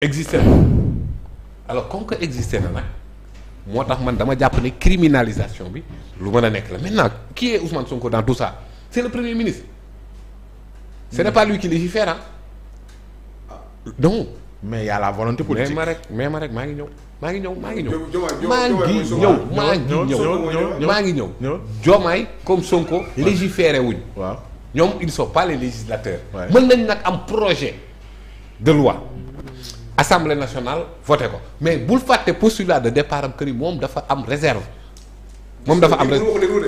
existe na comme que existé na nag moo tax man dama jàpp ni criminalisation bi lu mën a nekk la maintenant qui est Ousmane Sonko dans tout ça c'est le premier ministre ce n'est pas lui qui légifère donc mais y a la volonté mais ma rek mais ma rek maa ngi ñëw maa ngi ñëw maa ngi ñëw maa ngi ñëw maa ngi ñëw maa ngi ñëw Diomaye comme Sonko légiféré wuñ waaw ñoom ils sont pas les législateurs mën nañ nag am projet de loi assemblée nationale voté ko mais bul fàtte postulat de départ am que moom dafa am réserve moom dafa am réserve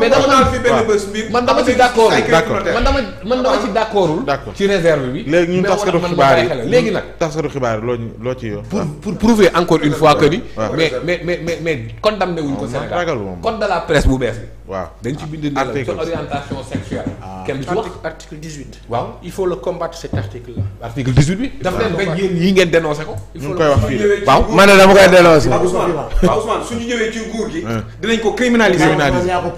mais dama naan fi benn bés bi man dama ci d'accord man dama man dama ci d'accordul ci réserve bi léegi ñun taskatu xibaar yi léegi nag taskatu xibaar yi loo loo ci yow pour pour prouver encore une fois que ni mais mais mais mais mais condamné wuñ ko Sénégal code de la presse bu bees bi waaw dañ ci bind na la ci orientation sexuelle ah. kenn du ci wax article 18 waaw il faut le combattre cet article là article 18 bi daf leen bañ yéen yi ngeen dénoncé ko ñu ngi koy wax fii waaw man dama koy dénoncé waaw Ousmane suñu ñëwee ci nguur gi dinañ ko criminaliser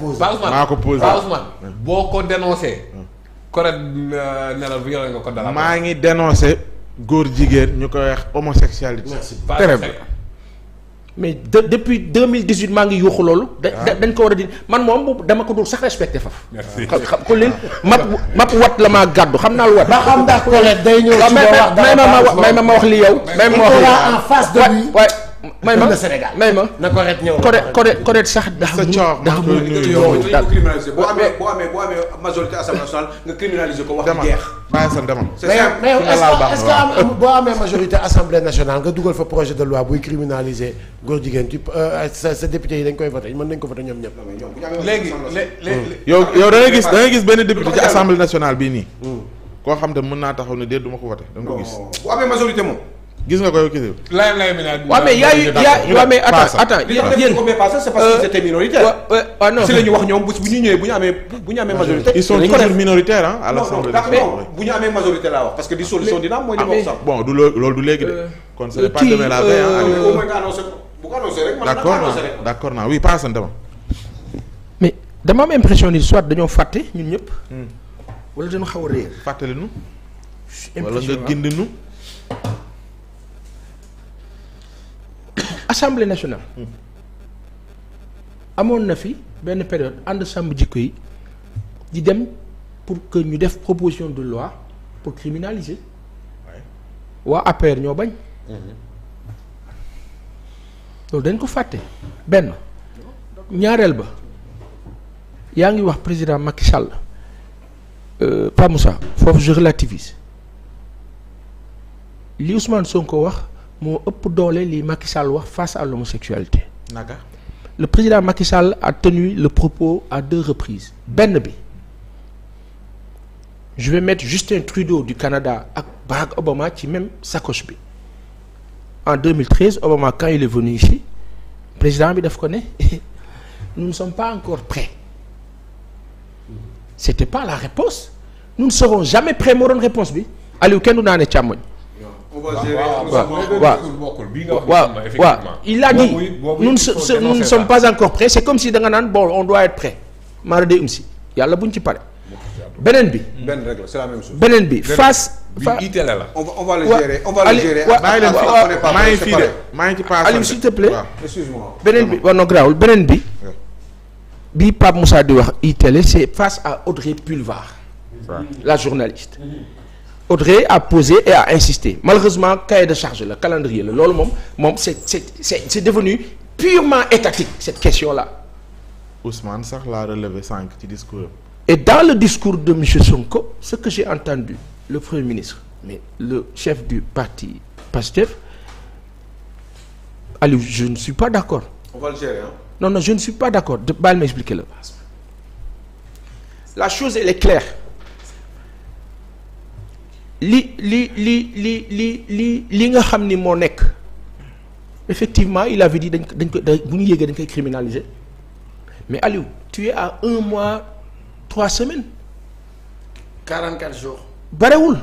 posé maa ko posé hmm. boo ko dénoncé. Hmm. correct euh, ne la violé nga ko maa ngi dénoncé góor jigéen ñu koy wax homosexualité. très bien mais de depuis deux mille dix huit maa ngi yuuxu loolu. Ah. da dañ ko war a di man moom dama ko dul sax respecté faf merci xam map map wat la maa gàddu xam naa lu wat. ma may ma ma wax li yow. may ma ma wax li yow. may ma Sénégal may ma na ko ret ñëw Codet Codet sax dax mu boo amee boo amee boo amee majorité assemblée nationale nga criminaliser ko wax jeex bàyyi sa boo amee majorité assemblée nationale nga dugal fa projet de loi buy criminaliser góor jigéen ci euh, sa sa député yi dañ koy voté mën nañ ko voté ñoom ñëpp léegi yow yow da ngay gis da ngay gis benn député ci assemblée nationale bii nii mm. koo xam ne mën naa taxaw ne déet du ko voté da ko gis gis nga ko yow kii. laayam laayam yi naan. waaw ñu wax ñoom bu ñu ñëwee bu ñu amee bu ñu amee majorité. ils sont toujours minoritaires ah à l'Assemblée nationale. ñu amee majorité laa wax parce que ah, du loolu du léegi de. Euh, euh, d'accord naa oui passant dama. mais dama am impression ni soit dañoo fàtte ñun ñëpp. Hmm. wala dañoo xaw a réer. fàttali nu. wala nga gindi nu assemblée nationale. amoon na fi benn période ànd sàmm jikko yi di dem pour que ñu def proposition de loi pour criminaliser. waa APR ñoo bañ. loolu dañ ko fàtte benn ñaareel ba yaa ngi wax président Macky Sall euh, Pa Moussa foofu je relativise li Ousmane Sonko wax. moo ëpp doole li Macky Sall wax face à l'homosexualité naka le président Macky Sall a tenu le propos à deux reprises benn bi je vais mettre Justin Trudeau du Canada ak Barack Obama ci même sacoche bi en Obama quand il est venu ici président bi def ko ne nous ne sommes pas encore prêts c'était pas la réponse nous ne serons jamais prêts moo réponse bi Aliou kenn du naa ne càmmoñ il a dit nous ne sommes pas encore prêts c'est comme si da nga naan bon on doit être prêt maara day um si yàlla buñ ci pare beneen bi. Hmm. benn règle bi face. bi la. on va on va le gérer on va le te plaît. excuse bi non garaawul beneen bi. bi Pape Moussa di wax itélé c'est face à Audrey Pulvar. la journaliste. Mm-hmm. Audrey a posé et a insisté malheureusement cahier de charge la calendrier la loolu moom moom c'est c'est c'est c'est devenu purement étatique cette question là. sax l'a relevé sànq ci discours et dans le discours de monsieur Sonko ce que j'ai entendu le premier ministre mais le chef du parti Pastef Aliou je ne suis pas d'accord. on va le non non je ne suis pas d'accord de baal ma expliquer la. la chose est claire. li li li li li li li nga xam ni moo nekk effectivement il avait dit dañ dañ ko bu ñu yéegee dañ koy criminaliser mais Aliou tu es à un mois trois semaines. 44 jours. barewul.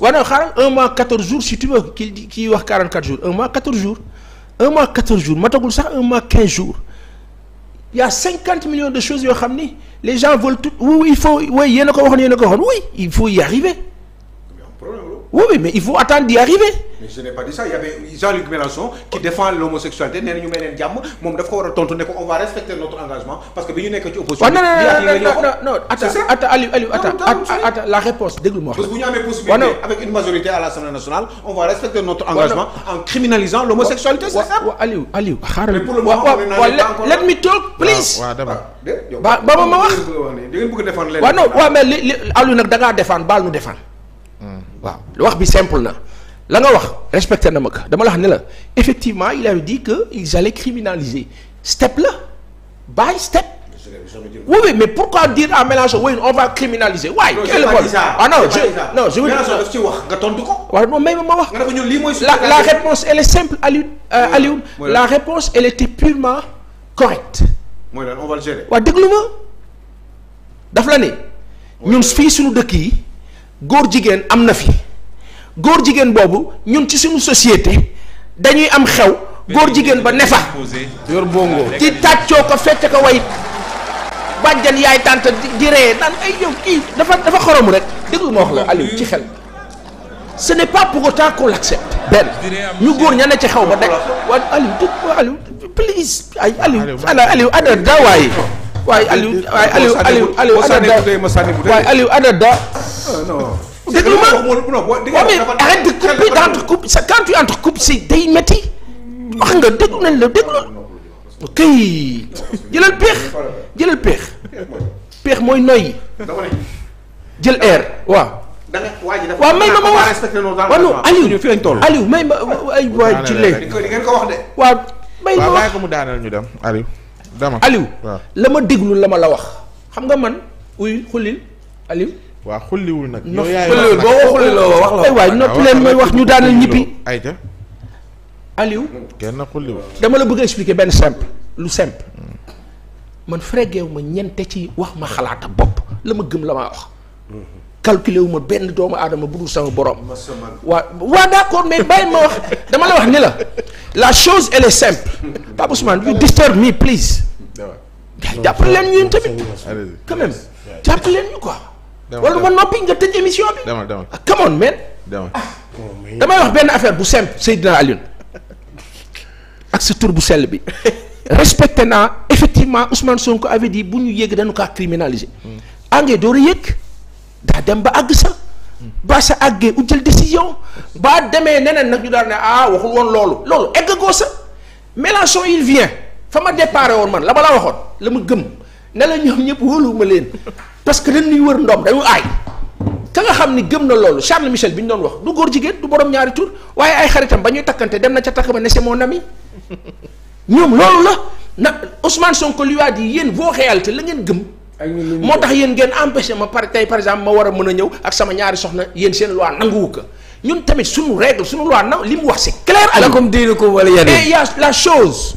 waaw non xaaral un mois 14 jours si tu veux kii di kii wax 44 jours un mois 14 jours un mois 14 jours matagul sax un mois 15 jours il y de choses yoo xam ni les gens veulent tout oui il faut oui yéen a ko waxoon yéen a ko waxoon oui il faut y arriver. oui oui mais il faut attendre d'y arriver. je n'ai pas dit ça y avait Jean-Luc Mélenchon qui défend l'homosexualité nee na ñu may leen jàmm moom daf ko war a tontu ne ko on va respecter notre engagement parce que bi ñu nekk ci opposition. non non non atta Aliou la réponse déglu ma wax. parce avec une majorité à l'Assemblée nationale on va respecter notre engagement en criminalisant l'homosexualité c'est ça. ba ba ma wax. da ngeen bëgg a défendre waaw wax bi simple na la nga wax respecté na ma ko dama la xam ne la effectivement il avait dit que ils allaient criminaliser step la by step. oui oui mais pourquoi dire à Mélenchon oui on va criminaliser waaye. non quel bon ah, non non je. Mélenchon daf ci wax nga tontu ko. waaw non may ma ma wax. nga ne ko ñun lii mooy. la la réponse elle est simple Aliou euh, Aliou. la réponse elle était purement correcte. mooy lan on déglu ma daf la ne. ñun fii suñu dëkk yi. góor jigéen am na fi góor jigéen boobu ñun ci suñu société dañuy am xew góor jigéen ba ne fa yor bongo di tàccoo ko fecc ko way bàjjan yaay tànt di ree naan ay yow kii dafa dafa xoromu rek déglu ma wax la Aliou ci xel ce ne pas pour autant qu'on l'accepte benn ñu góor ña ne ci xew ba daj waa Aliou dëgg waa Aliou please ay Aliou Aliou ada daawaay waaye Aliou waaye Aliou Aliou Aliou Aliou ana da ah, déglu ma waaw mais arrête de couper d'entrecouper sa quand tu entrecoupes si day métti wax nga déglu nañ la déglu ok jëlal peex jëlal peex peex mooy noyyi jël da nga waa ji dafa waaw may ma ma wax waaw Aliou fi lañ may ma ay waay ci léegi. di ngeen ko wax de. waaw may ma wax waaw mu daaneel ñu dem Aliou. Aliou la ma déglu la ma la wax xam nga man uy xullil Aliou waa xulliwul nag boo ko xulliloo wax ay waay noppi leen wax ñu daaneel ñibbi ayca Aliou kenn xulliwul dama la bëgg a expliquer benn simple lu simple man frégeew ma ñente ci wax ma xalaata bopp la ma gëm la ma wax calculé wu ma benn doomu aadama bu sama borom. waa waa d'accord mais bàyyi ma wax dama la wax ni la la chose elle est simple Pape Ousmane you disturb me please. waaw jàppale leen ñu yéen tamit. quand même jàppale ñu quoi. wala ma noppi nga tëj émission bi. demal ah, on man. demal ah. damay wax benn affaire bu simple Seydina Alioune ak sa tur bu sell bi respecté naa effectivement Ousmane Sonko avait dit bu ñu yëg dañu kaa criminaliser. engrais hmm. door a yëg daa dem ba àgg sa. Hmm. ba sa àggee u jël décision baa demee neneen nag ñu daal ne ah waxul woon loolu loolu egg goo sa Mélenchon il vient. fa ma déparé woon man la ma la waxoon la ma gëm ne la ñoom ñëpp wóoluwuma leen parce que dañuy wër ndoom dañu aay ka nga xam ni gëm na loolu Charles Michel bi ñu doon wax du góor jigéen du borom ñaari tur waaye ay xaritam ba ñuy takkante dem na ca takk ba ne c'est mon ami ñoom loolu la na Ousmane Sonko lui a dit yéen vos réalités la ngeen gëm. moo tax yéen ngeen empêché ma par tey par exemple ma war a mën a ñëw ak sama ñaari soxna yéen seen loi nanguwu ko ñun tamit suñu règle suñu loi na li mu wax c'est clair. alakum diinukum waliya diin mais y a la chose.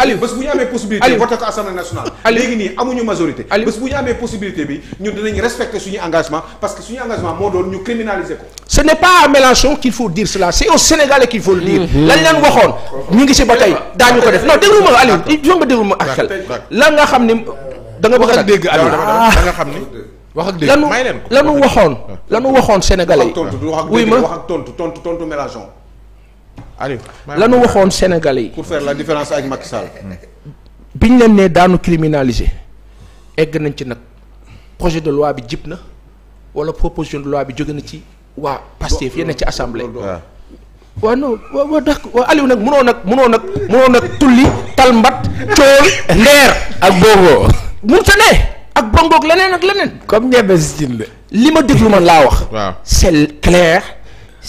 Aliou bés bu ñu amee possibilité. Aliou voté ko assemblée nationale. Aliou léegi nii amuñu majorité. Aliou bés bu ñu amee possibilité bi ñun dinañ respecter suñu engagement parce que suñu engagement moo doon ñu criminaliser ko. ce n'est pas à qu'il faut dire cela c'est au Sénégalais qu'il faut dire. lañ leen waxoon. ñu ngi si ba tey daañu ko def non déglu ma Aliou il faut nga ak xel. lan nga xam ni da bëgg a dégg Aliou da xam ni. wax ak dégg may leen ko lanu lanu waxoon. lanu waxoon Sénégalais yi. wuy ma wax ak tontu wax ak tontu tontu tontu Aliou la ñu waxoon Sénégalais yi. différence ak Macky Sall. biñ leen ne daanu criminaliser egg nañ ci nag projet de loi bi jib na wala proposition de loi bi jóge na ci waa Pastef yenn ci assemblée. waaw non waaw waaw d'accord nag munoo nag munoo nag munoo nag tulli talmbat cool ndeer ak bongo mun sa ne ak bongoog leneen ak leneen comme ñebe si cin la li ma déglu man laa wax c'est clair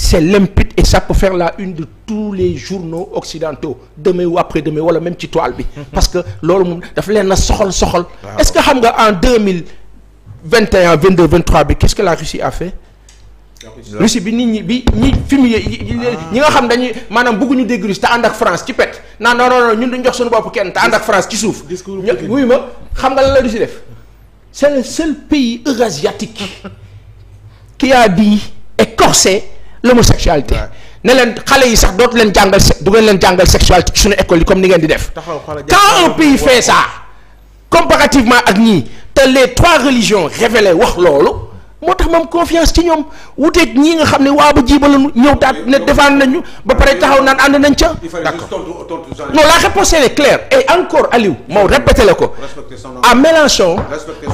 c'est limpide et ça peut la une de tous les journaux occidentaux demain ou après-demain wala même ci toile bi. Mhm. parce que loolu moom dafa leen na soxal soxal. est-ce que xam nga en deux mille vingt et un vingt deux vingt trois bi qu'est-ce que la Russie a fait. Russie bi nit ñi bi ñi fumier ah. ñi nga xam dañuy maanaam bëgguñu dégg Russie te ànd ak France ci pet naan non non ñun dañu jox suñu bopp kenn te ànd ak France ci suuf. discours wuy ma xam nga lan la Russie def. c'est le seul pays eurasiatique qui a dit écorcé. l'homosexualité ne leen xale yi sax dootu leen jàngal se du ngeen leen jàngal sexualité ci suñu école yi comme ni ngeen di def quand un pays fait ça comparativement ak ñii te les trois religions révélées wax loolu moo tax ma am confiance ci ñoom wuteeg ñi nga xam ne waa ba jiiba lañu ñëw daal ne défendre nañu ba pare taxaw naan ànd nañ ca. d'accord non la réponse est claire et encore Aliou moo répété la ko. à Mélenchon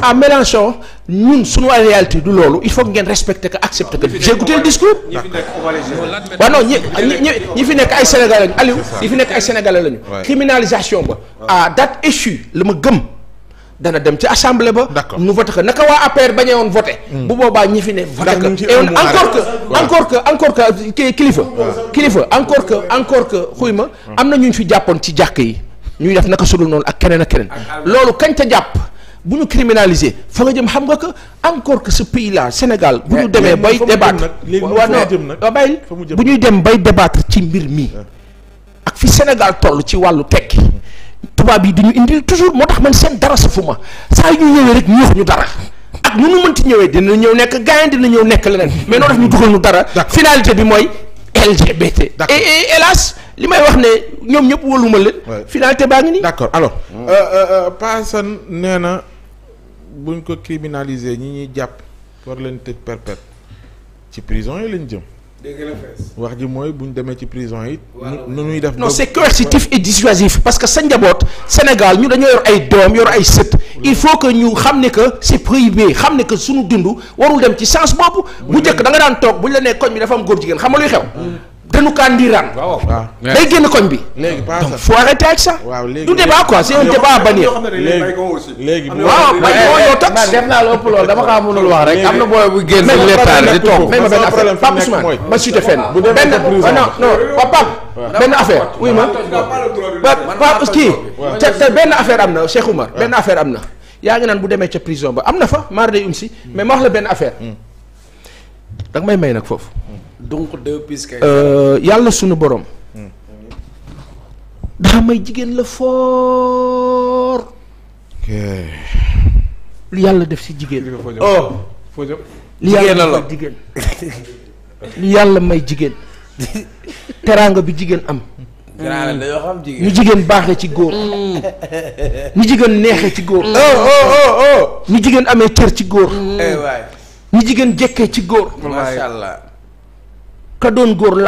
à Mélenchon ñun suñu réalité du loolu il faut ngeen respecter que accepter que j'ai écouté le discours. waaw non ñi ñi ñi fi nekk ay sénégalais lañu Aliou. ñi fi nekk ay sénégale lañu. criminalisation ba. à date échue la ma gëm. dana dem ci assemblée ba. nu voté ko naka waa APR bañee woon voté. Hmm. bu boobaa ñi fi ne. voté ko et encore que encore que encore que kilifa. kilifa encore que encore que xuy ma. Hmm. am na ñu fi jàppoon ci jàkk yi. ñuy def naka sudul noonu ak keneen ak keneen. loolu kañ ca jàpp. bu ñu criminaliser fa nga jëm xam nga ko encore que ce pays Sénégal bu ñu demee bay débattre waaw non bàyyil bu ñuy dem bay débattre ci mbir mi ak fi Sénégal toll ci wàllu tekki tubaab yi di ñu indil toujours moo tax man seen dara safuma saa yu ñu ñëwee rek ñuux ñu dara ak nu mënti ñëwee dina ñëw nekk gain dina ñëw nekk leneen hmm. mais noonu daf ñu dugal ñu dara. finalité bi mooy LGBT. et et hélas li may wax ne ñoom ñëpp wóoluma leen. finalité baa ngi nii. d' accord alors. Hmm. Euh, euh, euh, Paasan nee na buñ ko criminaliser ñi ñuy jàpp war leen tëj perpète ci prison yi leen jëm. wax ji mooy bu ñu demee ci prison yi. nu ñuy def non c'est coercitif et dissuasif parce que sa njaboot Sénégal ñu dañoo yor ay doom yor ay sët. il faut que ñu xam ne que c'est prohibé xam ne que suñu dund warul dem ci sens boobu. bu njëkk da nga daan toog bu ñu la nee koñ bi dafa am góor jigéen xam nga luy xew. nukaan ndiiraan. waaw day génn koñ bi. léegi pas ça donc faut arrêter waaw léegi du débat quoi c'est un débat à bannir. léegi waaw bay moo yow tax. def naa lu ëpp loolu dama kaa mënul wax rek. am na booy bu génn lépp di toog mais ma benn affaire Pape Ousmane ma cité fenn. bu demee benn ah non non Pape benn affaire oui kii te benn affaire am na Cheikh Oumar benn affaire am na. yaa ngi naan bu demee ca prison ba am na fa maar day um si mais ma wax la benn affaire. Hmm. danga may may nag foofu. donc euh, yàlla sunu borom. Hmm. daa may jigéen la foor. lu yàlla def ci jigéen. oh. li yàlla may jigéen li teraanga bi jigéen am. dañoo xam jigéen ñu jigéen baaxee ci góor. ñu jigéen neexee ci góor. ñu oh, oh, oh, jigéen amee cër ci góor. ñu eh, jigéen jekkee ci góor. ka doon góor la